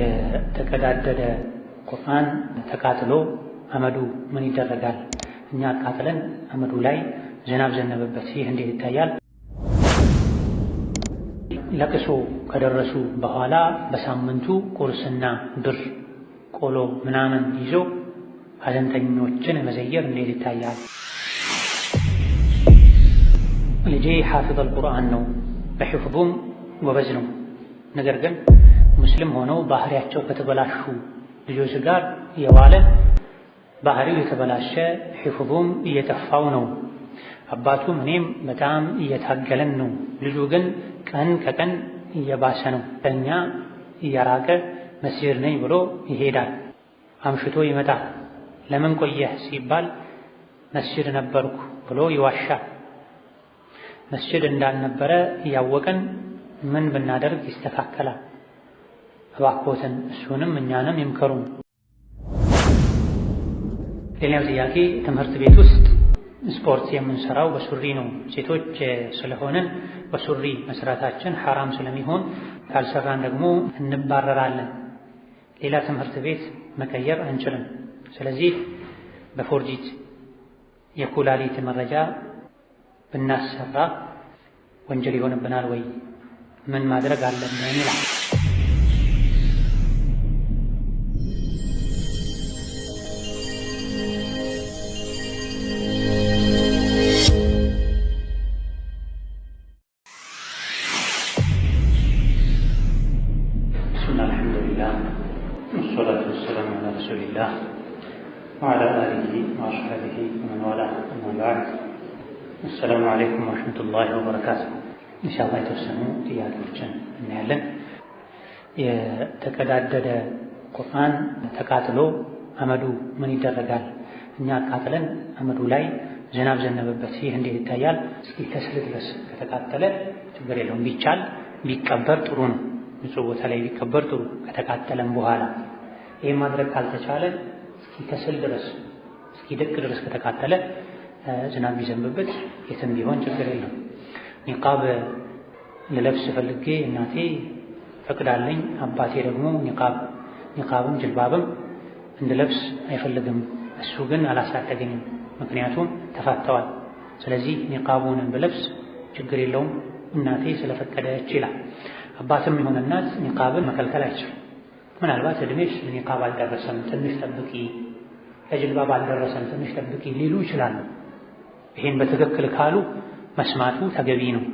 የተቀዳደደ ቁርአን ተቃጥሎ አመዱ ምን ይደረጋል? እኛ አቃጥለን አመዱ ላይ ዝናብ ዘነበበት። ይህ እንዴት ይታያል? ለቅሶ ከደረሱ በኋላ በሳምንቱ ቁርስና ብር ቆሎ ምናምን ይዞ ሀዘንተኞችን መዘየር እንዴት ይታያል? ልጄ ሐፊዝ አልቁርአን ነው፣ በሕፍቡም ጎበዝ ነው። ነገር ግን ሙስሊም ሆነው ባህሪያቸው ከተበላሹ ልጆች ጋር የዋለ ባህሪው የተበላሸ ሒፉቡም እየጠፋው ነው። አባቱም እኔም በጣም እየታገለን ነው። ልጁ ግን ቀን ከቀን እየባሰ ነው። ከእኛ እየራቀ መስጅድ ነኝ ብሎ ይሄዳል። አምሽቶ ይመጣል። ለምን ቆየህ ሲባል መስጅድ ነበርኩ ብሎ ይዋሻል። መስጅድ እንዳልነበረ እያወቀን ምን ብናደርግ ይስተካከላል? እባክዎትን እሱንም እኛንም ይምከሩ። ሌላው ጥያቄ ትምህርት ቤት ውስጥ ስፖርት የምንሰራው በሱሪ ነው። ሴቶች ስለሆንን በሱሪ መስራታችን ሐራም ስለሚሆን ካልሰራን ደግሞ እንባረራለን። ሌላ ትምህርት ቤት መቀየር አንችልም። ስለዚህ በፎርጂት የኩላሊት መረጃ ብናሰራ ወንጀል ይሆንብናል ወይ? ምን ማድረግ አለብን? ይላል የተወሰኑ ጥያቄዎችን እናያለን። የተቀዳደደ ቁርአን ተቃጥሎ አመዱ ምን ይደረጋል? እኛ አቃጥለን አመዱ ላይ ዝናብ ዘነበበት፣ ይህ እንዴት ይታያል? እስኪከስል ድረስ ከተቃጠለ ችግር የለውም። ቢቻል ቢቀበር ጥሩ ነው። ንጹሕ ቦታ ላይ ቢቀበር ጥሩ፣ ከተቃጠለም በኋላ ይህ ማድረግ ካልተቻለ እስኪከስል ድረስ እስኪደቅ ድረስ ከተቃጠለ ዝናብ ቢዘንብበት የትም ቢሆን ችግር የለውም። ኒቃብ ልለብስ ፈልጌ እናቴ ፈቅዳለኝ፣ አባቴ ደግሞ ኒቃብ ኒቃብም ጅልባብም እንድለብስ አይፈልግም። እሱ ግን አላሳደገኝም፣ ምክንያቱም ተፋተዋል። ስለዚህ ኒቃቡን ብለብስ ችግር የለውም እናቴ ስለፈቀደች ይላል። አባትም የሆነ እናት ኒቃብን መከልከል አይችልም። ምናልባት እድሜሽ ኒቃብ አልደረሰም ትንሽ ጠብቂ፣ ለጅልባብ አልደረሰም ትንሽ ጠብቂ ሊሉ ይችላሉ። ይሄን በትክክል ካሉ መስማቱ ተገቢ ነው።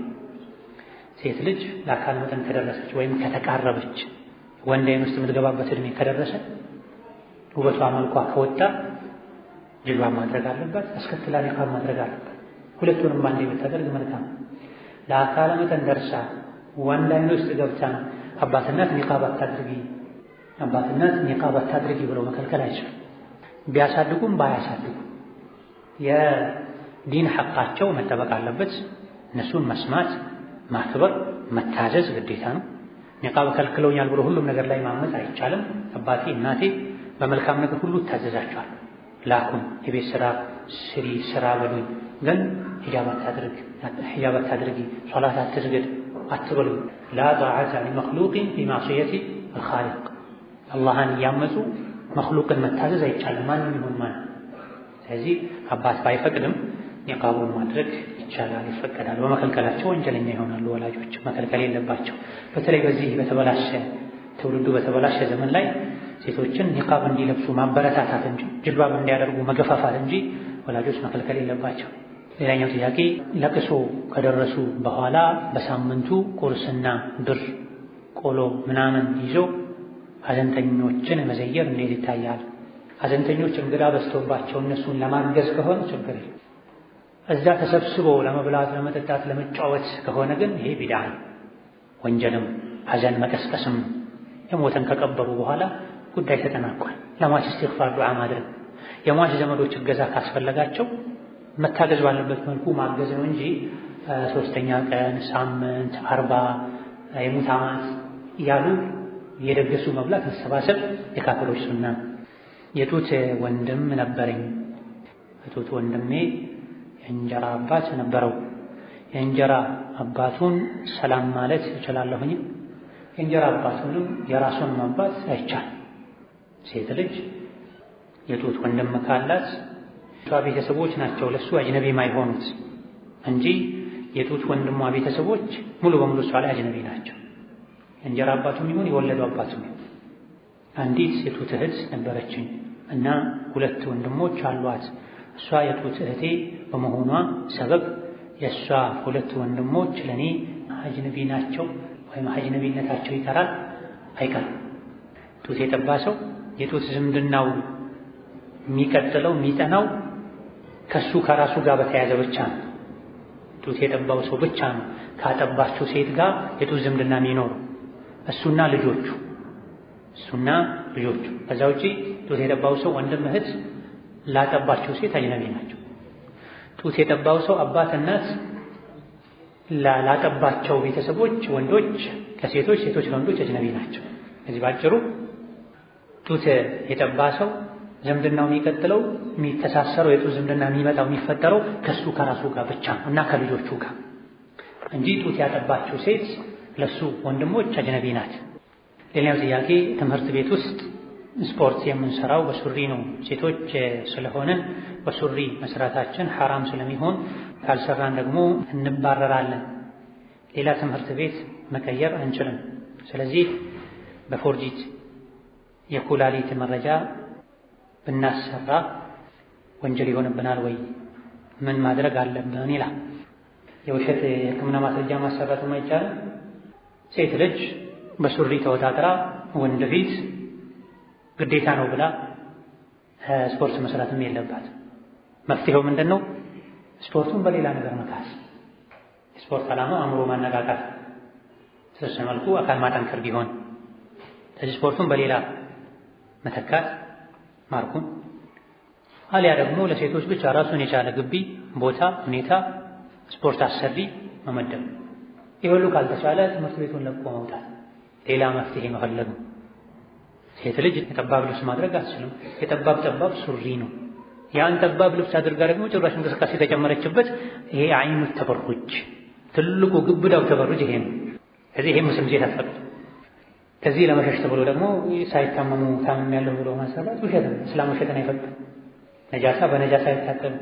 ሴት ልጅ ለአካል መጠን ከደረሰች ወይም ከተቃረበች ወንድ ዓይን ውስጥ የምትገባበት ዕድሜ ከደረሰ ውበቷ መልኳ ከወጣ ጅልባብ ማድረግ አለባት፣ አስከትላ ኒቃብ ማድረግ አለባት። ሁለቱንም አንዴ ብታደርግ መልካም። ለአካል መጠን ደርሳ ወንድ ዓይን ውስጥ ገብታ አባትናት ኒቃብ አታድርጊ፣ አባትናት ኒቃብ አታድርጊ ብሎ መከልከል አይችልም። ቢያሳድጉም ባያሳድጉም የዲን ሐቃቸው መጠበቅ አለበት። እነሱን መስማት ማክበር መታዘዝ ግዴታ ነው። ኒቃብ ከልክለውኛል ብሎ ሁሉም ነገር ላይ ማመፅ አይቻልም። አባቴ እናቴ በመልካም ነገር ሁሉ እታዘዛቸዋል። ላኩም የቤት ስራ ስሪ ስራ በሉኝ፣ ግን ሂጃብ አታድርጊ፣ ሶላት አትስገድ አትበሉኝ። ላ ጣዓተ ሊመክሉቅን ቢማዕስየቲ አልኻሊቅ አላህን እያመፁ መክሉቅን መታዘዝ አይቻልም። ማንም ይሁን ማን። ስለዚህ አባት ባይፈቅድም ኒቃቡን ማድረግ ይቻላል፣ ይፈቀዳል። በመከልከላቸው ወንጀለኛ ይሆናሉ ወላጆች፣ መከልከል የለባቸው። በተለይ በዚህ በተበላሸ ትውልዱ በተበላሸ ዘመን ላይ ሴቶችን ኒቃብ እንዲለብሱ ማበረታታት እንጂ ጅልባብ እንዲያደርጉ መገፋፋት እንጂ ወላጆች መከልከል የለባቸው። ሌላኛው ጥያቄ ለቅሶ ከደረሱ በኋላ በሳምንቱ ቁርስና ብር፣ ቆሎ ምናምን ይዞ ሀዘንተኞችን መዘየር እንዴት ይታያል? ሀዘንተኞች እንግዳ በዝቶባቸው እነሱን ለማገዝ ከሆነ ችግር የለም። እዛ ተሰብስቦ ለመብላት፣ ለመጠጣት፣ ለመጫወት ከሆነ ግን ይሄ ቢድዓ ነው፣ ወንጀልም ሐዘን መቀስቀስም። የሞተን ከቀበሩ በኋላ ጉዳይ ተጠናቋል። ለሟች እስትግፋር ዱዓ ማድረግ፣ የሟች ዘመዶች እገዛ ካስፈለጋቸው መታገዝ ባለበት መልኩ ማገዝ ነው እንጂ ሶስተኛ ቀን፣ ሳምንት፣ አርባ የሙት ዓመት እያሉ የደገሱ መብላት መሰባሰብ የካፈሎች ሱና። የጡት ወንድም ነበረኝ። የጡት ወንድሜ የእንጀራ አባት ነበረው። የእንጀራ አባቱን ሰላም ማለት እችላለሁኝ? የእንጀራ አባቱንም የራሱን ማባት አይቻል። ሴት ልጅ የጡት ወንድም ካላት እሷ ቤተሰቦች ናቸው ለሱ አጅነቢ ማይሆኑት እንጂ የጡት ወንድሟ ቤተሰቦች ሙሉ በሙሉ እሷ ላይ አጅነቢ ናቸው። የእንጀራ አባቱም ይሁን የወለዱ አባቱም ይሁን። አንዲት የጡት እህት ነበረችኝ እና ሁለት ወንድሞች አሏት። እሷ የጡት እህቴ በመሆኗ ሰበብ የእሷ ሁለት ወንድሞች ለእኔ አጅነቢ ናቸው ወይም አጅነቢነታቸው ይቀራል አይቀርም። ጡት የጠባ ሰው የጡት ዝምድናው የሚቀጥለው የሚጠናው ከሱ ከራሱ ጋር በተያያዘ ብቻ ነው። ጡት የጠባው ሰው ብቻ ነው ካጠባችው ሴት ጋር የጡት ዝምድና የሚኖሩ እሱና ልጆቹ እሱና ልጆቹ። ከዛ ውጪ ጡት የጠባው ሰው ወንድም እህት ላጠባቸው ሴት አጅነቢ ናቸው። ጡት የጠባው ሰው አባት እናት ላጠባቸው ቤተሰቦች ወንዶች ከሴቶች ሴቶች ለወንዶች አጅነቢ ናቸው። እዚህ ባጭሩ ጡት የጠባ ሰው ዝምድናው የሚቀጥለው የሚተሳሰረው የጡት ዝምድና የሚመጣው የሚፈጠረው ከሱ ከራሱ ጋር ብቻ ነው እና ከልጆቹ ጋር እንጂ ጡት ያጠባቸው ሴት ለሱ ወንድሞች አጅነቢ ናት። ሌላው ጥያቄ ትምህርት ቤት ውስጥ ስፖርት የምንሰራው በሱሪ ነው። ሴቶች ስለሆንን በሱሪ መስራታችን ሐራም ስለሚሆን ካልሰራን ደግሞ እንባረራለን። ሌላ ትምህርት ቤት መቀየር አንችልም። ስለዚህ በፎርጂት የኩላሊት መረጃ ብናሰራ ወንጀል ይሆንብናል ወይ? ምን ማድረግ አለብን? ይላል። የውሸት የሕክምና ማስረጃ ማሰራትም አይቻልም። ሴት ልጅ በሱሪ ተወጣጥራ ወንድ ፊት ግዴታ ነው ብላ ስፖርት መስራትም የለባት። መፍትሄው ምንድን ነው? ስፖርቱን በሌላ ነገር መካስ። ስፖርት ዓላማው አእምሮ ማነቃቃት፣ ስስ መልኩ አካል ማጠንከር ቢሆን ስለዚህ ስፖርቱን በሌላ መተካት ማርኩም አሊያ ደግሞ ለሴቶች ብቻ ራሱን የቻለ ግቢ፣ ቦታ፣ ሁኔታ ስፖርት አሰሪ መመደብ። ይህ ሁሉ ካልተቻለ ትምህርት ቤቱን ለቆ መውጣት፣ ሌላ መፍትሄ መፈለግ ሴት ልጅ ጠባብ ልብስ ማድረግ አትችልም። የጠባብ ጠባብ ሱሪ ነው። ያን ጠባብ ልብስ አድርጋ ደግሞ ጭራሽ እንቅስቃሴ ተጨመረችበት። ይሄ አይኑ ተበሩጅ፣ ትልቁ ግብዳው ተበሩጅ ይሄ ነው። ከዚህ ይሄ ሙስሊም ሴት አትፈቅድ። ከዚህ ለመሸሽ ተብሎ ደግሞ ሳይታመሙ ታመም ያለው ብሎ ማሰላት ውሸት ነው። እስላም ውሸትን አይፈቅድም። ነጃሳ በነጃሳ አይታጠብም።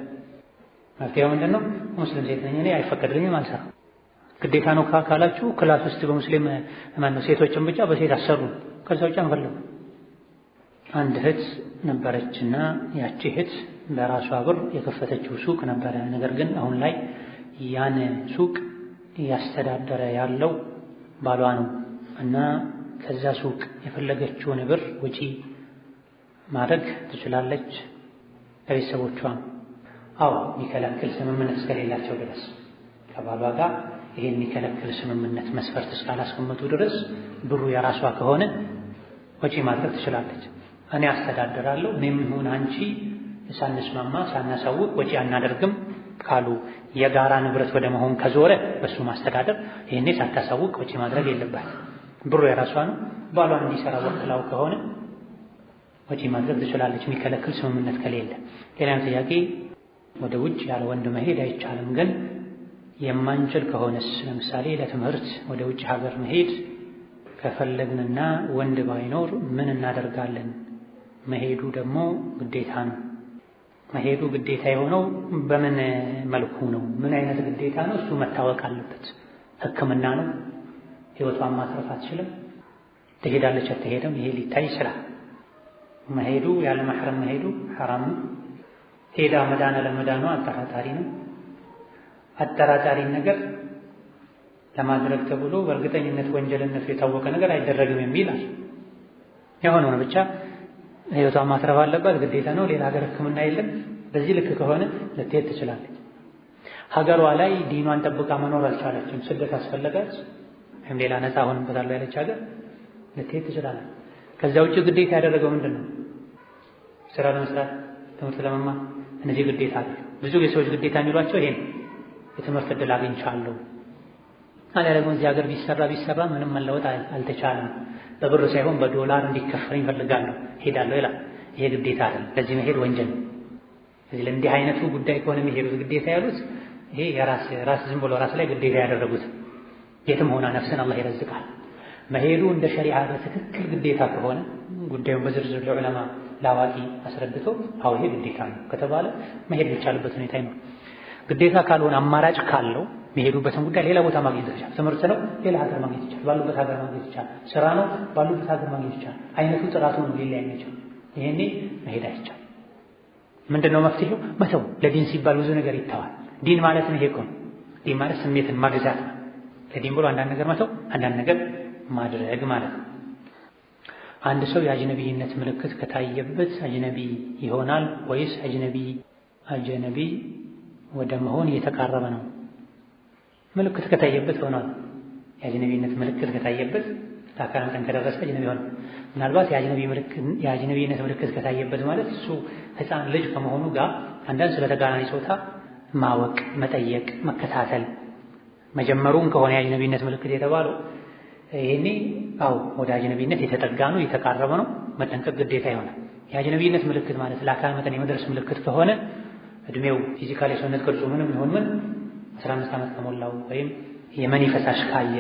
መፍትሄው ምንድን ነው? ሙስሊም ሴት ነኝ እኔ አይፈቀድልኝም፣ አልሰራም። ግዴታ ነው ካላችሁ ክላስ ውስጥ በሙስሊም ማነው ሴቶችን ብቻ በሴት አሰሩ፣ ከዛ ውጭ አንፈልግም። አንድ እህት ነበረችና ያቺ እህት በራሷ ብር የከፈተችው ሱቅ ነበረ። ነገር ግን አሁን ላይ ያን ሱቅ እያስተዳደረ ያለው ባሏ ነው እና ከዛ ሱቅ የፈለገችውን ብር ወጪ ማድረግ ትችላለች ለቤተሰቦቿ? አዎ የሚከለክል ስምምነት እስከሌላቸው ድረስ ከባሏ ጋር ይሄን የሚከለክል ስምምነት መስፈርት እስካላስቀመጡ ድረስ ብሩ የራሷ ከሆነ ወጪ ማድረግ ትችላለች። እኔ አስተዳድራለሁ እኔም ይሁን አንቺ ሳንስማማ ሳናሳውቅ ወጪ አናደርግም ካሉ የጋራ ንብረት ወደ መሆን ከዞረ በሱ ማስተዳደር ይህኔ ሳታሳውቅ ወጪ ማድረግ የለባት። ብሩ የራሷ ነው። ባሏን እንዲሰራ ወክላው ከሆነ ወጪ ማድረግ ትችላለች፣ የሚከለክል ስምምነት ከሌለ። ሌላ ጥያቄ፣ ወደ ውጭ ያለ ወንድ መሄድ አይቻልም። ግን የማንችል ከሆነስ ለምሳሌ ለትምህርት ወደ ውጭ ሀገር መሄድ ከፈለግንና ወንድ ባይኖር ምን እናደርጋለን? መሄዱ ደግሞ ግዴታ ነው። መሄዱ ግዴታ የሆነው በምን መልኩ ነው? ምን አይነት ግዴታ ነው? እሱ መታወቅ አለበት። ሕክምና ነው፣ ህይወቷን ማትረፍ አትችልም። ትሄዳለች አትሄደም፣ ይሄ ሊታይ ይችላል። መሄዱ ያለ ማሕረም መሄዱ ሐራም ነው። ሄዳ መዳን ለመዳኑ አጠራጣሪ ነው። አጠራጣሪን ነገር ለማድረግ ተብሎ በእርግጠኝነት ወንጀልነቱ የታወቀ ነገር አይደረግም የሚል የሆነውን ብቻ ህይወቷን ማትረፍ አለባት፣ ግዴታ ነው። ሌላ ሀገር ህክምና የለም። በዚህ ልክ ከሆነ ልትሄድ ትችላለች። ሀገሯ ላይ ዲኗን ጠብቃ መኖር አልቻለችም፣ ስደት አስፈለጋች ወይም ሌላ ነፃ ሆንበታለሁ ያለች ሀገር ልትሄድ ትችላለች። ከዛ ውጭ ግዴታ ያደረገው ምንድን ነው? ስራ ለመስራት፣ ትምህርት ለመማር፣ እነዚህ ግዴታ አለ። ብዙ የሰዎች ግዴታ የሚሏቸው ይሄን የትምህርት እድል አግኝቻለሁ አለ ደግሞ እዚህ ሀገር ቢሰራ ቢሰራ ምንም መለወጥ አልተቻለም በብር ሳይሆን በዶላር እንዲከፈለኝ እፈልጋለሁ ሄዳለሁ ይላል። ይሄ ግዴታ አይደለም። ከዚህ መሄድ ወንጀል ነው። ስለዚህ ለእንዲህ አይነቱ ጉዳይ ከሆነ የሚሄዱት ግዴታ ያሉት ይሄ የራስ ራስ ዝም ብሎ ራስ ላይ ግዴታ ያደረጉት የትም ሆና ነፍስን አላህ ይረዝቃል። መሄዱ እንደ ሸሪዓ በትክክል ግዴታ ከሆነ ጉዳዩን በዝርዝር ለዑለማ ለአዋቂ አስረድቶ አዎ ይሄ ግዴታ ነው ከተባለ መሄድ የሚቻልበት ሁኔታ ይኖር። ግዴታ ካልሆነ አማራጭ ካለው የሚሄዱበትን ጉዳይ ሌላ ቦታ ማግኘት ይቻላል። ትምህርት ነው፣ ሌላ ሀገር ማግኘት ይቻላል። ባሉበት ሀገር ማግኘት ይቻላል። ስራ ነው፣ ባሉበት ሀገር ማግኘት ይቻላል። አይነቱ ጥራቱ ነው ሊለያይ የሚችል ይሄኔ መሄድ አይቻል። ምንድነው መፍትሄው? መተው። ለዲን ሲባል ብዙ ነገር ይተዋል። ዲን ማለት ነው ይሄ ዲን ማለት ስሜትን ማግዛት ነው። ለዲን ብሎ አንዳንድ ነገር መተው፣ አንዳንድ ነገር ማድረግ ማለት ነው። አንድ ሰው የአጅነቢይነት ምልክት ከታየበት አጅነቢ ይሆናል ወይስ አጅነቢ አጀነቢ ወደ መሆን እየተቃረበ ነው? ምልክት ከታየበት ሆኗል። የአጅነቢነት ምልክት ከታየበት ለአካል መጠን ከደረሰ አጅነቢ ሆነ። ምናልባት የአጅነቢነት ምልክት ከታየበት ማለት እሱ ሕፃን ልጅ ከመሆኑ ጋር አንዳንድ ስለ ተጋራኒ ጾታ ማወቅ፣ መጠየቅ፣ መከታተል መጀመሩም ከሆነ የአጅነቢነት ምልክት የተባለው ይሄኔ አው ወደ አጅነቢነት የተጠጋ ነው የተቃረበ ነው፣ መጠንቀቅ ግዴታ ይሆናል። የአጅነቢነት ምልክት ማለት ለአካል መጠን የመድረስ ምልክት ከሆነ እድሜው ፊዚካል የሰውነት ቅርጹ ምንም ይሁን ምን አስራ አምስት ዓመት ከሞላው ወይም የመኒ ፈሳሽ ካየ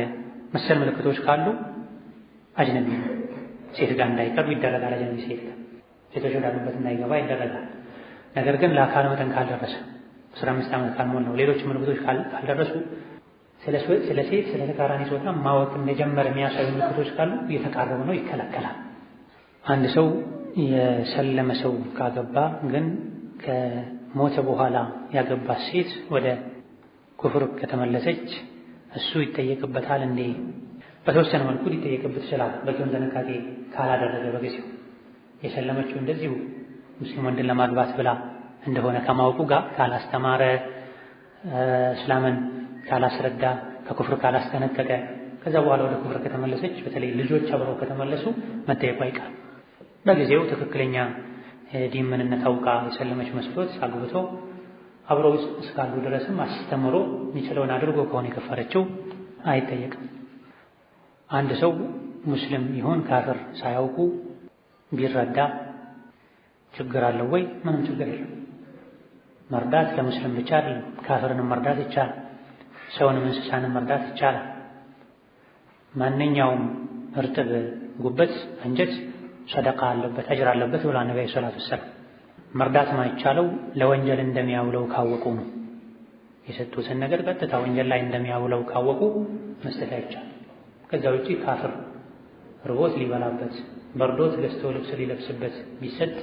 መሰል ምልክቶች ካሉ አጅነቢ ሴት ጋር እንዳይቀርብ ይደረጋል። አጅነቢ ሴት ጋር ሴቶች ወዳሉበት እንዳይገባ ይደረጋል። ነገር ግን ለአካል መጠን ካልደረሰ አስራ አምስት ዓመት ካልሞላው ሌሎች ምልክቶች ካልደረሱ ስለ ሴት ስለ ተቃራኒ ጾታ ማወቅ እንደጀመረ የሚያሳዩ ምልክቶች ካሉ እየተቃረቡ ነው፣ ይከለከላል። አንድ ሰው የሰለመ ሰው ካገባ ግን ከሞተ በኋላ ያገባ ሴት ወደ ኩፍር ከተመለሰች እሱ ይጠየቅበታል እንዴ? በተወሰነ መልኩ ሊጠየቅበት ይችላል። በቂውን ጥንቃቄ ካላደረገ በጊዜው የሰለመችው እንደዚሁ ሙስሊም ወንድን ለማግባት ብላ እንደሆነ ከማወቁ ጋር ካላስተማረ፣ እስላምን ካላስረዳ፣ ከኩፍር ካላስጠነቀቀ ከዛ በኋላ ወደ ኩፍር ከተመለሰች በተለይ ልጆች አብረው ከተመለሱ መጠየቁ አይቀርም። በጊዜው ትክክለኛ ዲን ምንነት አውቃ የሰለመች መስሎት አግብቶ አብረው እስካሉ ድረስም አስተምሮ የሚችለውን አድርጎ ከሆነ የከፈረችው አይጠየቅም። አንድ ሰው ሙስሊም ይሆን ካፍር ሳያውቁ ቢረዳ ችግር አለው ወይ? ምንም ችግር የለም። መርዳት ለሙስሊም ብቻ አይደለም። ካፍርንም መርዳት ይቻላል። ሰውንም እንስሳንም መርዳት ይቻላል። ማንኛውም እርጥብ ጉበት፣ አንጀት ሰደቃ አለበት፣ አጅር አለበት ብሏል ነቢዩ ሰላቱ ወሰላም። መርዳት ማይቻለው ለወንጀል እንደሚያውለው ካወቁ ነው። የሰጡትን ነገር ቀጥታ ወንጀል ላይ እንደሚያውለው ካወቁ መስጠት አይቻልም። ከዛ ውጪ ካፍር ርቦት ሊበላበት በርዶት ገዝቶ ልብስ ሊለብስበት ቢሰጥ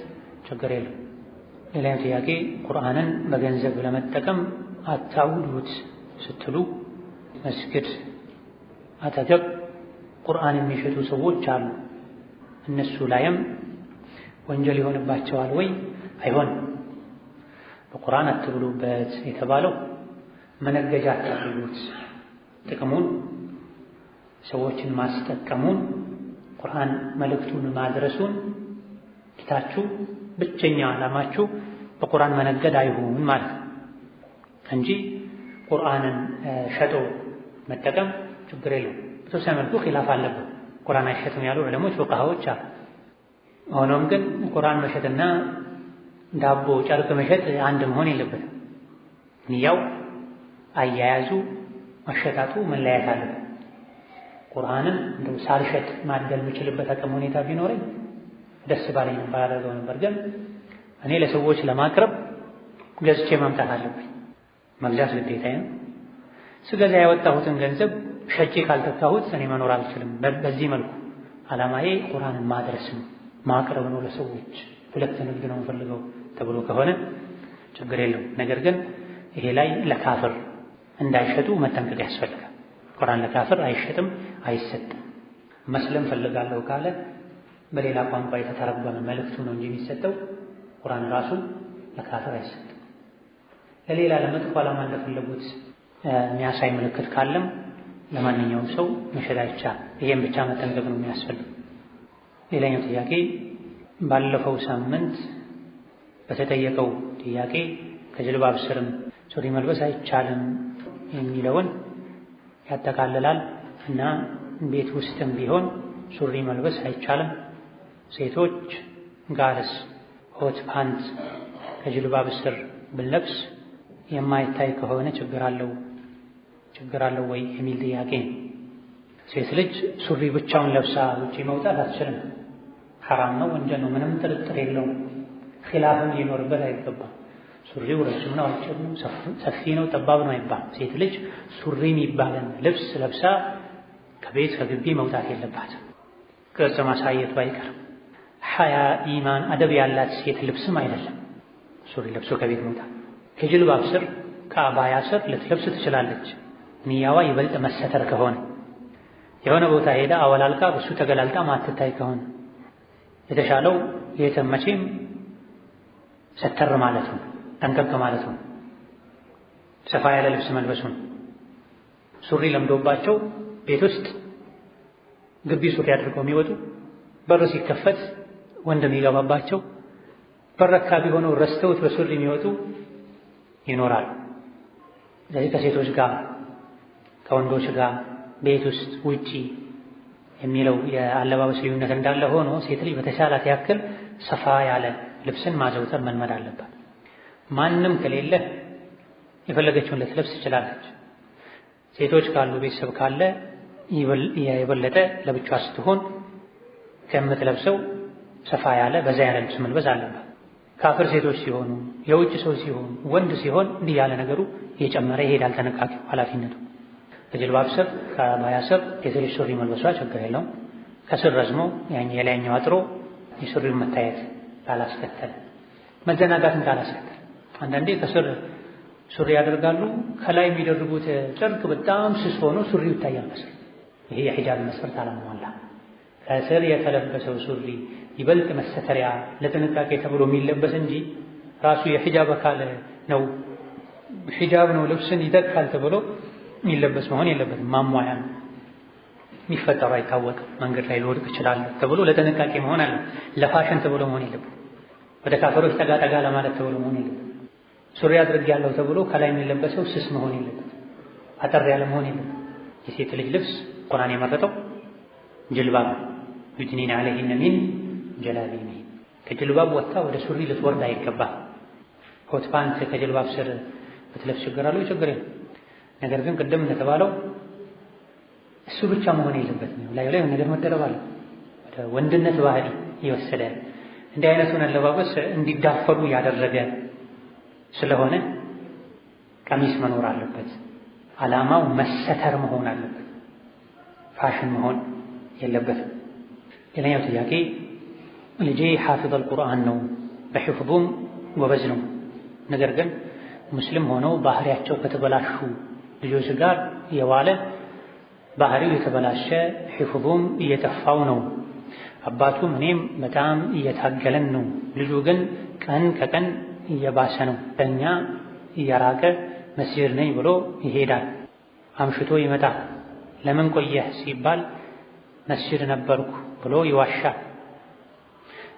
ችግር የለም። ሌላኛው ጥያቄ ቁርአንን በገንዘብ ለመጠቀም አታውሉት ስትሉ መስጊድ አጠገብ ቁርአን የሚሸጡ ሰዎች አሉ። እነሱ ላይም ወንጀል ይሆንባቸዋል ወይ? አይሆን በቁርአን አትብሉበት የተባለው መነገጃ አታድርጉት፣ ጥቅሙን ሰዎችን ማስጠቀሙን ቁርአን መልእክቱን ማድረሱን ጌታችሁ ብቸኛ ዓላማችሁ በቁርአን መነገድ አይሁን ማለት ነው እንጂ ቁርአንን ሸጦ መጠቀም ችግር የለውም። በተወሰነ መልኩ ኺላፍ አለበት። ቁርአን አይሸጥም ያሉ ዕለሞች ፉቃሃዎች አሉ። ሆኖም ግን ቁርአን መሸጥና ዳቦ ጨርቅ መሸጥ አንድ መሆን የለበትም። ንያው፣ አያያዙ፣ መሸጣጡ መለያየት አለበት። ቁርአንን እንደው ሳልሸጥ ማደል የምችልበት አቅም ሁኔታ ቢኖረኝ ደስ ባለኝ ነበር አደርገው ነበር። ግን እኔ ለሰዎች ለማቅረብ ገዝቼ ማምጣት አለብኝ። መግዛት ግዴታዬ ነው። ስገዛ ያወጣሁትን ገንዘብ ሸጬ ካልተካሁት እኔ መኖር አልችልም። በዚህ መልኩ ዓላማዬ ቁርአንን ማድረስ ነው። ማቅረብ ነው ለሰዎች። ሁለት ንግድ ነው የምፈልገው ተብሎ ከሆነ ችግር የለው። ነገር ግን ይሄ ላይ ለካፍር እንዳይሸጡ መጠንቀቅ ያስፈልጋል። ቁርአን ለካፍር አይሸጥም፣ አይሰጥም። መስለም ፈልጋለሁ ካለ በሌላ ቋንቋ የተተረጎመ መልእክቱ ነው እንጂ የሚሰጠው ቁርአን ራሱ ለካፍር አይሰጥም። ለሌላ ለመጥፎ ዓላማ እንደፈለጉት የሚያሳይ ምልክት ካለም ለማንኛውም ሰው መሸጥ አይቻልም። ይሄን ብቻ መጠንቀቅ ነው የሚያስፈልገው ሌላኛው ጥያቄ ባለፈው ሳምንት በተጠየቀው ጥያቄ ከጅልባብ ስርም ሱሪ መልበስ አይቻልም የሚለውን ያጠቃልላል እና ቤት ውስጥም ቢሆን ሱሪ መልበስ አይቻልም፣ ሴቶች ጋርስ ሆት ፓንት ከጅልባብ ስር ብንለብስ የማይታይ ከሆነ ችግር አለው ችግር አለው ወይ የሚል ጥያቄ ነው። ሴት ልጅ ሱሪ ብቻውን ለብሳ ውጪ መውጣት አትችልም። ሐራም ነው፣ ወንጀል ነው። ምንም ጥርጥር የለውም። ኺላፍም ሊኖርበት አይገባም። ሱሪው ረጅም ነው፣ አጭር ነው፣ ሰፊ ነው፣ ጠባብ ነው አይባልም። ሴት ልጅ ሱሪ የሚባልን ልብስ ለብሳ ከቤት ከግቢ መውጣት የለባትም። ቅርጽ ማሳየቱ አይቀርም። ሐያ ኢማን አደብ ያላት ሴት ልብስም አይደለም ሱሪ ለብሶ ከቤት መውጣት። ከጅልባብ ስር ከአባያ ስር ልትለብስ ትችላለች፣ ንያዋ ይበልጥ መሰተር ከሆነ የሆነ ቦታ ሄዳ አወላልቃ እሱ ተገላልጣ ማትታይ ከሆነ የተሻለው የትም መቼም ሰተር ማለት ነው፣ ጠንቀቅ ማለት ነው፣ ሰፋ ያለ ልብስ መልበሱን። ሱሪ ለምዶባቸው ቤት ውስጥ ግቢ ሱሪ አድርገው የሚወጡ በር ሲከፈት ወንድ የሚገባባቸው በር አካባቢ ሆነው ረስተውት በሱሪ የሚወጡ ይኖራል። ስለዚህ ከሴቶች ጋር ከወንዶች ጋር ቤት ውስጥ ውጪ የሚለው የአለባበስ ልዩነት እንዳለ ሆኖ ሴት ልጅ በተሻላት ያክል ሰፋ ያለ ልብስን ማዘውተር መልመድ አለባት። ማንም ከሌለ የፈለገችውን ልትለብስ ትችላለች። ሴቶች ካሉ ቤተሰብ ካለ የበለጠ ለብቻ ስትሆን ከምትለብሰው ሰፋ ያለ በዛ ያለ ልብስ መልበስ አለባት። ካፍር ሴቶች ሲሆኑ፣ የውጭ ሰው ሲሆኑ፣ ወንድ ሲሆን እንዲህ ያለ ነገሩ እየጨመረ ይሄዳል። ተነቃቂው ኃላፊነቱ ከጅልባብ ስር ከአባያ ስር የትልጅ ሱሪ መልበሷ ችግር የለውም። ከስር ረዝሞ የላይኛው አጥሮ የሱሪው መታየት ካላስከተለ መዘናጋትን ካላስከተለ አንዳንዴ ከስር ሱሪ ያደርጋሉ። ከላይ የሚደርጉት ጨርቅ በጣም ስስ ሆኖ ሱሪው ይታያል ከስር። ይሄ የሂጃብ መስፈርት አለሟላ። ከስር የተለበሰው ሱሪ ይበልጥ መሰተሪያ ለጥንቃቄ ተብሎ የሚለበስ እንጂ ራሱ የሂጃብ አካል ነው። ሂጃብ ነው ልብስን ይተካል ተብሎ የሚለበስ መሆን የለበትም። ማሟያ ነው። የሚፈጠሩ አይታወቅም። መንገድ ላይ ልወድቅ እችላለሁ ተብሎ ለጥንቃቄ መሆን አለ። ለፋሽን ተብሎ መሆን የለበትም። ወደ ካፈሮች ጠጋ ጠጋ ለማለት ተብሎ መሆን የለበትም። ሱሪ አድርግ ያለው ተብሎ ከላይ የሚለበሰው ስስ መሆን የለበትም። አጠር ያለ መሆን የለበትም። የሴት ልጅ ልብስ ቁርአን የመረጠው ጅልባብ ዩድኒን አለይሂን ሚን ጀላቢኒ ከጅልባብ ወጥታ ወደ ሱሪ ልትወርድ አይገባ። ኮት ፓንት ከጅልባብ ስር ብትለብስ ችግር አለው? ችግር የለም። ነገር ግን ቅድም እንደተባለው እሱ ብቻ መሆን የለበትም። ላዩ ላይ ነገር መደረብ አለ። ወደ ወንድነት ባህሪ የወሰደ እንዲህ አይነቱን አለባበስ እንዲዳፈሩ ያደረገ ስለሆነ ቀሚስ መኖር አለበት። ዓላማው መሰተር መሆን አለበት፣ ፋሽን መሆን የለበትም። ሌላኛው ጥያቄ ልጄ ሐፊዘል ቁርአን ነው፣ በሕፍዙም ጎበዝ ነው። ነገር ግን ሙስሊም ሆነው ባህሪያቸው ከተበላሹ ልጆች ጋር የዋለ ባህሪው የተበላሸ ሒፉቡም እየጠፋው ነው። አባቱም እኔም በጣም እየታገለን ነው። ልጁ ግን ቀን ከቀን እየባሰ ነው፣ ከእኛ እየራቀ መሲር ነኝ ብሎ ይሄዳል። አምሽቶ ይመጣል። ለምን ቆየህ ሲባል መስጅድ ነበርኩ ብሎ ይዋሻል።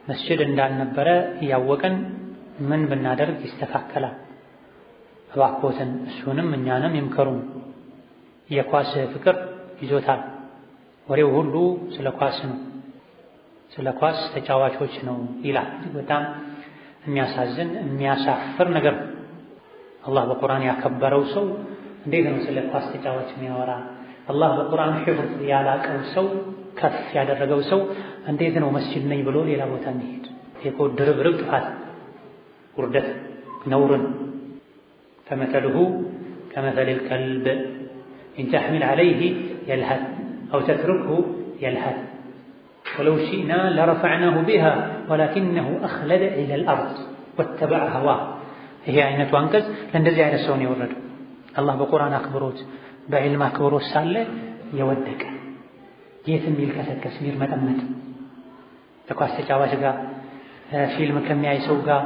መስጅድ እንዳልነበረ እያወቀን ምን ብናደርግ ይስተካከላል? እባክዎትን እሱንም እኛንም ይምከሩን። የኳስ ፍቅር ይዞታል። ወሬው ሁሉ ስለ ኳስ ነው፣ ስለ ኳስ ተጫዋቾች ነው ይላል። በጣም የሚያሳዝን የሚያሳፍር ነገር አላህ በቁርአን ያከበረው ሰው እንዴት ነው ስለ ኳስ ተጫዋች የሚያወራ? አላህ በቁርአን ሒፍዝ ያላቀው ሰው ከፍ ያደረገው ሰው እንዴት ነው መስጂድ ነኝ ብሎ ሌላ ቦታ የሚሄድ? ይሄ እኮ ድርብርብ ጥፋት ውርደት ነውርን فمثله كمثل الكلب إن تحمل عليه يلهث أو تتركه يلهث ولو شئنا لرفعناه بها ولكنه أخلد إلى الأرض واتبع هواه هي أين عينة لن لندزي إلى السوني والرد الله بقرآن أخبروت بعلم أخبرو سالة يودك يثم ይልከሰከስ ይርመጠመጥ ከኳስ ተጫዋች ጋር ፊልም ከሚያይ ሰው ጋር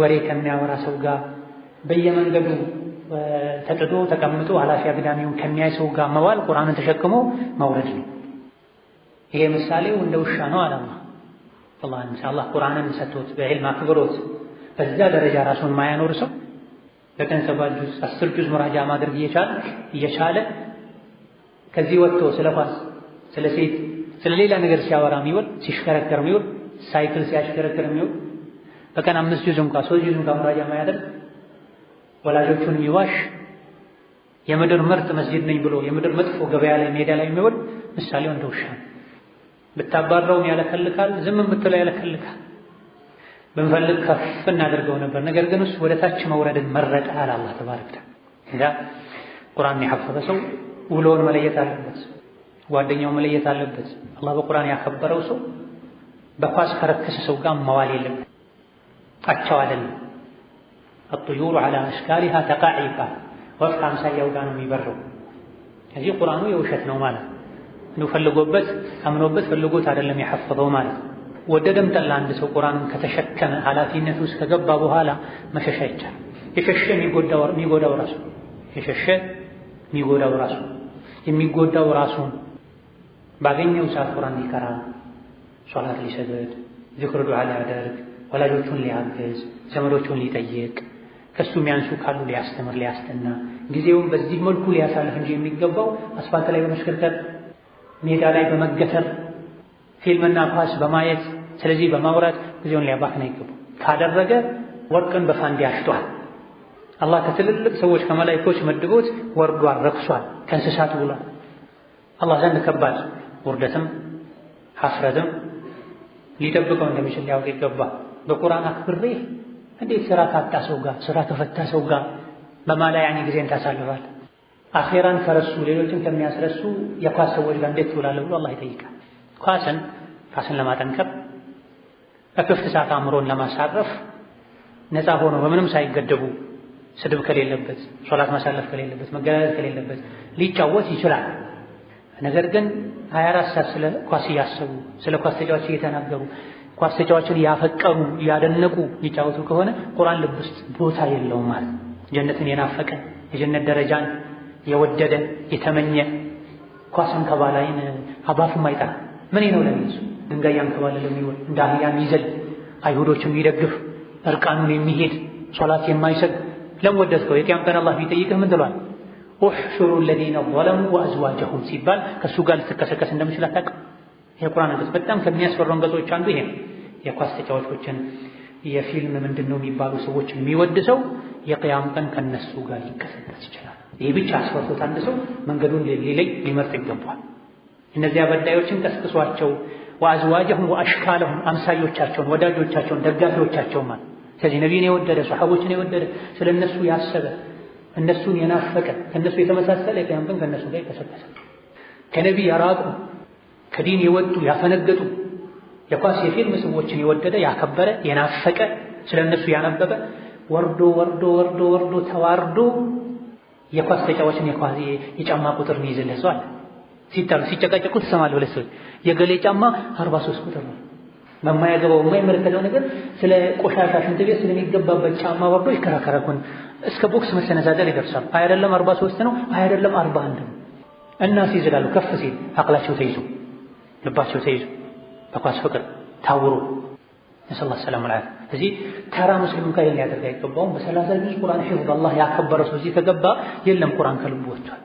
وري ከሚያወራ ሰው سوقا በየመንገዱ ተጥዶ ተቀምጦ ኃላፊ አግዳሚውን ከሚያይ ሰው ጋር መዋል ቁርአንን ተሸክሞ መውረድ ነው። ይሄ ምሳሌው እንደ ውሻ ነው አላማ አላህ ኢንሻአላህ ቁርአንን ሰጥቶት በዕልም አክብሮት በዛ ደረጃ ራሱን ማያኖር ሰው በቀን ሰባት ጁዝ አስር ጁዝ ሙራጃ ማድረግ እየቻለ እየቻለ ከዚህ ወጥቶ ስለ ኳስ፣ ስለ ሴት፣ ስለ ሌላ ነገር ሲያወራ የሚውል ሲሽከረከር የሚውል ሳይክል ሲያሽከረከር የሚውል በቀን አምስት ጁዝ እንኳ ሶስት ጁዝ እንኳ ሙራጃ ማያደርግ ወላጆቹን የሚዋሽ የምድር ምርጥ መስጂድ ነኝ ብሎ የምድር መጥፎ ገበያ ላይ ሜዳ ላይ የሚውል ምሳሌው እንደ ውሻ ነው። ብታባረውም ያለከልካል፣ ዝም ብትለው ያለከልካል። ብንፈልግ ከፍ እናደርገው ነበር፣ ነገር ግን እሱ ወደ ታች መውረድን መረጠ አለ አላህ ተባረክ። እዛ ቁርአን ያፈረ ሰው ውሎውን መለየት አለበት፣ ጓደኛው መለየት አለበት። አላህ በቁርአን ያከበረው ሰው በኳስ ከረከሰ ሰው ጋር መዋል የለበት አቻው አይደለም አጥዩሩ አላ አሽካሪሃ ተቃዒፋ ወፍታ አምሳያው ጋር ነው የሚበረው። ከዚህ ቁርአኑ የውሸት ነው ማለት ነው። ፈልጎበት አምኖበት ፈልጎት አይደለም የሐፈዘው ማለት ነው። ወደደም ጠላ አንድ ሰው ቁርአንን ከተሸከመ ኃላፊነት ውስጥ ከገባ በኋላ መሸሻ ይቻላል። የሸሸ የሚጎዳው ራሱ የሸሸ የሚጎዳው ራሱ የሚጎዳው ራሱን ባገኘው ሰዓት ቁርአን ሊቀራ፣ ሶላት ሊሰግድ፣ ዝክር ዱዓ ሊያደርግ፣ ወላጆቹን ሊያግዝ፣ ዘመዶቹን ሊጠይቅ ከሱ የሚያንሱ ካሉ ሊያስተምር ሊያስጠና ጊዜውን በዚህ መልኩ ሊያሳልፍ እንጂ የሚገባው አስፋልት ላይ በመሽከርከር ሜዳ ላይ በመገተር ፊልምና ኳስ በማየት ስለዚህ በማውራት ጊዜውን ሊያባክን አይገባም። ካደረገ ወርቅን በፋንዲ አሽጧል። አላህ ከትልልቅ ሰዎች ከመላይኮች መድቦት ወርዷል፣ ረክሷል፣ ከእንስሳት ውሏል። አላህ ዘንድ ከባድ ውርደትም ሀፍረትም ሊጠብቀው እንደሚችል ሊያውቅ ይገባ። በቁርአን አክብሬ እንዴት ስራ ካጣ ሰው ጋር ስራ ከፈታ ሰው ጋር በማላ ያኔ ጊዜን ታሳልፋል? አኼራን ከረሱ ሌሎችን ከሚያስረሱ የኳስ ሰዎች ጋር እንዴት ትውላለህ ብሎ አላህ ይጠይቃል። ኳስን ኳስን ለማጠንከር በክፍት ሰዓት አእምሮን ለማሳረፍ ነፃ ሆኖ በምንም ሳይገደቡ ስድብ ከሌለበት፣ ሶላት ማሳለፍ ከሌለበት፣ መገላለል ከሌለበት ሊጫወት ይችላል። ነገር ግን 24 ሰዓት ስለ ኳስ እያሰቡ ስለ ኳስ ተጫዋች እየተናገሩ ኳስ ተጫዋችን ያፈቀሩ ያደነቁ ይጫወቱ ከሆነ ቁርአን ልብ ውስጥ ቦታ የለውም ማለት ጀነትን የናፈቀ የጀነት ደረጃን የወደደ የተመኘ ኳስን አንከባላይን አባፉ ማይጣል ምን ነው ለሚሱ ድንጋይ አንከባለለ የሚውል እንደ አህያ የሚዘል አይሁዶችን የሚደግፍ እርቃኑን የሚሄድ ሶላት የማይሰግ ለምወደድከው የቅያም ቀን አላህ ቢጠይቅህ ምን ትሏል? ኡሕሹሩ ለዚነ ዘለሙ ወአዝዋጀሁም ሲባል ከእሱ ጋር ልትከሰከስ እንደምችል አታውቅም። የቁርአን አንቀጽ በጣም ከሚያስፈሩ አንቀጾች አንዱ ይሄ ነው። የኳስ ተጫዋቾችን የፊልም ምንድነው የሚባሉ ሰዎች የሚወድ ሰው የቅያም ቀን ከነሱ ጋር ሊቀሰቀስ ይችላል። ይህ ብቻ አስፈርቶት አንድ ሰው መንገዱን ሊለይ ሊመርጥ ይገባል። እነዚያ በዳዮችን ቀስቅሷቸው ወአዝዋጀሁም ወአሽካለሁም አምሳዮቻቸውን፣ ወዳጆቻቸውን፣ ደጋፊዎቻቸውን ማለት ስለዚህ ነቢይን የወደደ ሰሓቦችን የወደደ ስለ እነሱ ያሰበ እነሱን የናፈቀ ከእነሱ የተመሳሰለ የቅያም ቀን ከእነሱ ጋር ይቀሰቀሳል። ከነቢይ ያራቁ ከዲን የወጡ ያፈነገጡ የኳስ የፊልም ሰዎችን የወደደ ያከበረ የናፈቀ ስለ እነሱ ያነበበ ወርዶ ወርዶ ወርዶ ወርዶ ተዋርዶ የኳስ ተጫዋችን የኳስ የጫማ ቁጥር ነው ይዘለ ሰው አለ። ሲጣሉ ሲጨቃጨቁ ትሰማለህ። ሁለት ሰዎች የገሌ ጫማ 43 ቁጥር ነው። በማያገባው የማይመለከተው ነገር ስለ ቆሻሻ ሽንት ቤት ስለሚገባበት ጫማ ወርዶ ይከራከራኩን እስከ ቦክስ መሰነዛዘር ይደርሳል። አይ አይደለም 43 ነው፣ አይ አይደለም 41 ነው። እና ሲዝላሉ ከፍ ሲል አቅላቸው ተይዞ ልባቸው ተይዞ በኳስ ፍቅር ታውሮ ነሰላ ሰላም ላ እዚህ ተራ ሙስሊም ጋር ሊያደርግ አይገባውም። በሰላሳ ጁዝ ቁርአን ሒፍዝ በአላህ ያከበረ ሰው እዚህ ከገባ የለም ቁርአን ከልቡ ወጥቷል።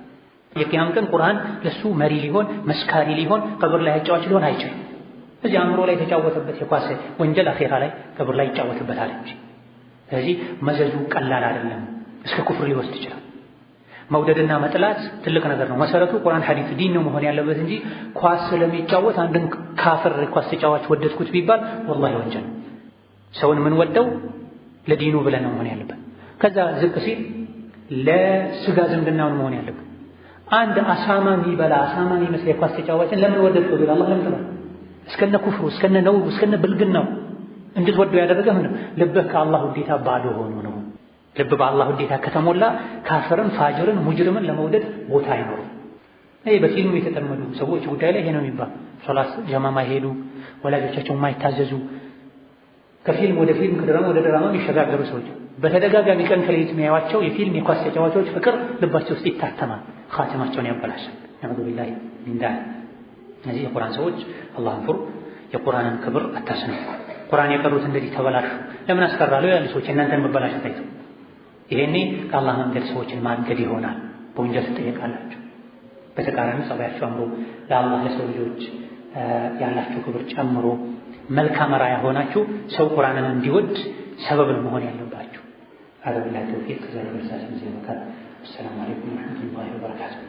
የቅያም ቀን ቁርአን ለሱ መሪ ሊሆን መስካሪ ሊሆን ቀብር ላይ ያጫዋች ሊሆን አይችልም። እዚህ አእምሮ ላይ የተጫወተበት የኳስ ወንጀል አኼራ ላይ ቀብር ላይ ይጫወትበታል እንጂ። ስለዚህ መዘዙ ቀላል አይደለም፣ እስከ ኩፍር ሊወስድ ይችላል። መውደድና መጥላት ትልቅ ነገር ነው። መሰረቱ ቁርአን ሐዲስ፣ ዲን ነው መሆን ያለበት እንጂ ኳስ ስለሚጫወት አንድን ካፍር ኳስ ተጫዋች ወደድኩት ቢባል ወላሂ ወንጀል። ሰውን የምንወደው ለዲኑ ብለን ነው መሆን ያለበት። ከዛ ዝቅ ሲል ለስጋ ዝምድናውን መሆን ያለበት። አንድ አሳማ የሚበላ አሳማ የሚመስል የኳስ ተጫዋችን ለምን ወደድከው ቢል አላህ ለምን እስከነ ኩፍሩ እስከነ ነውሩ እስከነ ብልግናው እንድትወደው ያደረገህ ምንድን ልብህ ከአላህ ውዴታ ባዶ ሆኖ ነው። ልብ በአላህ ውዴታ ከተሞላ ካፍርን፣ ፋጅርን፣ ሙጅርምን ለመውደድ ቦታ አይኖርም። ይሄ በፊልሙ የተጠመዱ ሰዎች ጉዳይ ላይ ይሄ ነው የሚባል ሶላት ጀማ ማይሄዱ ወላጆቻቸው ማይታዘዙ ከፊልም ወደ ፊልም ከድራማ ወደ ድራማ የሚሸጋገሩ ሰዎች በተደጋጋሚ ቀን ከሌሊት የሚያዩዋቸው የፊልም የኳስ ተጫዋቾች ፍቅር ልባቸው ውስጥ ይታተማል፣ ኻቲማቸውን ያበላሻል። ነዑዙ ቢላሂ ሚን እነዚህ የቁርአን ሰዎች አላህን ፍሩ፣ የቁርአንን ክብር አታስነኩ። ቁርአን የቀሩት እንደዚህ ተበላሹ ለምን አስቀራለሁ ያሉ ሰዎች እናንተን መበላሸት አይተው ይሄኔ ከአላህ መንገድ ሰዎችን ማገድ ይሆናል። በወንጀል ትጠየቃላችሁ። በተቃራኒ ጸባያችሁ አምሮ ለአላህ ለሰው ልጆች ያላችሁ ክብር ጨምሮ መልካም ራዕይ ሆናችሁ ሰው ቁርአንን እንዲወድ ሰበብ መሆን ያለባችሁ። አረብላ ተውፊቅ ከዛ ደርሳችን ዜመካል። አሰላሙ አለይኩም ወረሕመቱላሂ ወበረካቱ